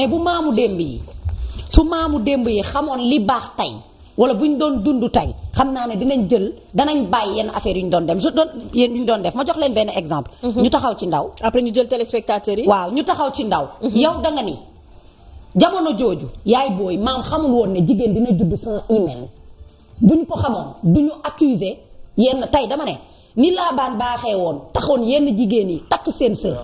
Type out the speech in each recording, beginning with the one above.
mais bu maamu démb yi su maamu démb yi xamoon li baax tey wala bu ñu doon dund tey xam naa ne dinañ jël danañ bàyyi yenn affaire yu ñu doon dem je doon yéen yu doon def ma jox leen benn exemple. Mhm. ñu taxaw ci ndaw. après ñu jël téléspectateurs yi. waaw ñu taxaw ci ndaw. Mhm. yow da nga ni jamono jooju. yaay booy maam xamul woon ne jigéen dina judd sans hymen buñ ko xamoon du ñu accuser yenn tey dama ne ni laabaan baaxee woon taxoon yenn jigéen yi takk seen sër.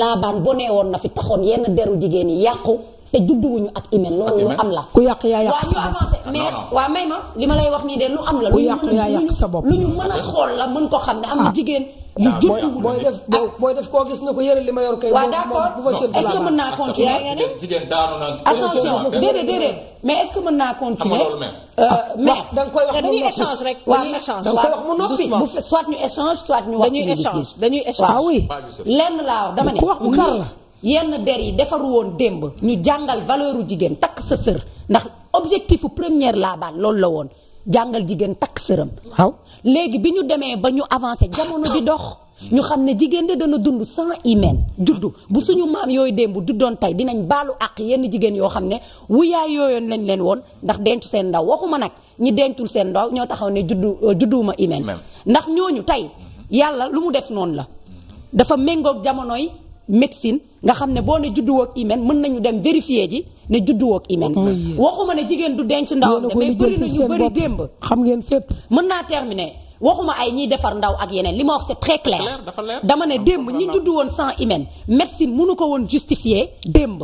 laabaan bonee woon na fi taxoon yenn deru jigéen yi yàqu te judduwuñu ak email loolu lu am la ku yàq yaa yàq waaw ñu avancé ah, mais waaw may ma li ma lay wax nii de lu am la ku yàq yaa sa bopp lu ñu mën a xool la mën ko xam ne am na ah. jigéen ah, yu judduwul booy def booy def koo gis ne ko yëre li ma yor kay waaw d'accord est que mën naa continuer jigéen daanu na attention déedéet déedéet mais est-ce que mën naa continuer euh, mais da nga koy wax dañuy échange rek dañuy échange da nga koy wax mu noppi bu soit ñu échange soit ñu wax dañuy échange dañuy échange waaw oui lenn laa wax dama ne ku wax bu kar la yenn der yi defaru woon démb ñu jàngal valeuru jigéen takk sa sër ndax objectif première laabaan loolu la woon jàngal jigéen takk sëram waaw léegi bi ñu demee ba ñu avancé jamono di dox ñu xam ne jigéen de dana dund sans hymen juddu bu suñu maam yooyu démb juddoon tey dinañ baalu àq yenn jigéen yoo xam ne wuyaay yooyoon lañ leen woon ndax dencu seen ndaw waxuma nag ñi dencul seen ndaw ñoo taxaw ne juddu euh, judduwuma hymen ndax ñooñu tey yàlla lu mu def noonu la dafa médecine nga xam ne boo ne judduwoo ak hymen mën nañu dem vérifier ji ne judduwoo ak hymen oh, waxuma ne jigéen du denc ndaw de mais bëri na ñu bëri démb xam ngeen fépp mën naa terminer waxuma ay ñiy defar ndaw ak yeneen li ma wax c'est très clair dama ne démb ñi juddu woon sans hymen médecine mënu ko woon justifier démb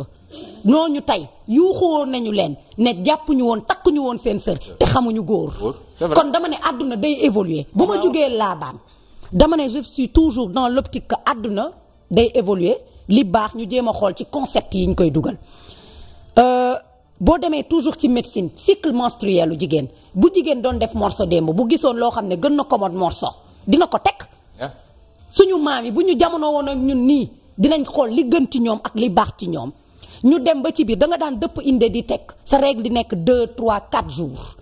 noo ñu tey yuuxu woon nañu leen ne jàppuñu woon takkuñu woon seen sër te xamuñu góor kon dama ne àdduna day évoluer bu ma jugee laabaan dama ne je toujours dans l'optique que àdduna day évoluer li baax ñu jéem a xool ci concept yi ñu koy dugal euh, boo demee toujours ci médecine cycle menstruel lu jigéen bu jigéen doon def morso démb bu gisoon loo xam ne gën na commode morso dina ko teg suñu maam yi bu ñu jamono woon ak ñun nii dinañ xool li gën ci ñoom ak li baax ci ñoom ñu dem ba ci biir da daan dëpp indee di teg sa règle di nekk 2 3 4 jours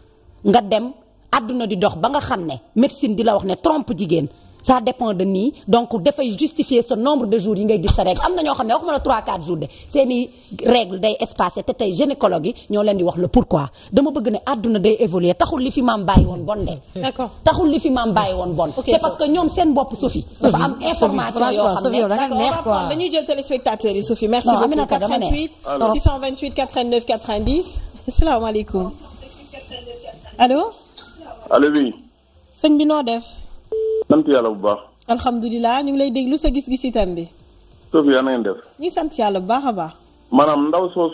nga dem àdduna di dox ba nga xam ne médecine di la wax ne trompe jigéen sa dépend de nii donc dafay justifier ce nombre de jours yi ngay gis sa règle am na ñoo xam ne waxuma la 3 4 jours de seeni règle day espacé te tey gynécologue yi ñoo leen di wax le pourquoi dama bëgg ne àdduna day évoluer taxul li fi maam bàyyi woon bon de. d'accord taxul li fi maam bàyyi woon bon. c'est parce que ñoom seen bopp Sophie. dafa am information yoo xam ne dañuy jël téléspectateurs yi Sophie. merci beaucoup 88 628 89 90 asalaamaaleykum allo. allo oui. sëñ bi noo sant yàlla bu baax. alhamdulilah ñu ngi lay déglu sa gis-gis itam bi. Sophia na ngeen def. ñu sant yàlla bu baax a baax. maanaam ndaw soosu.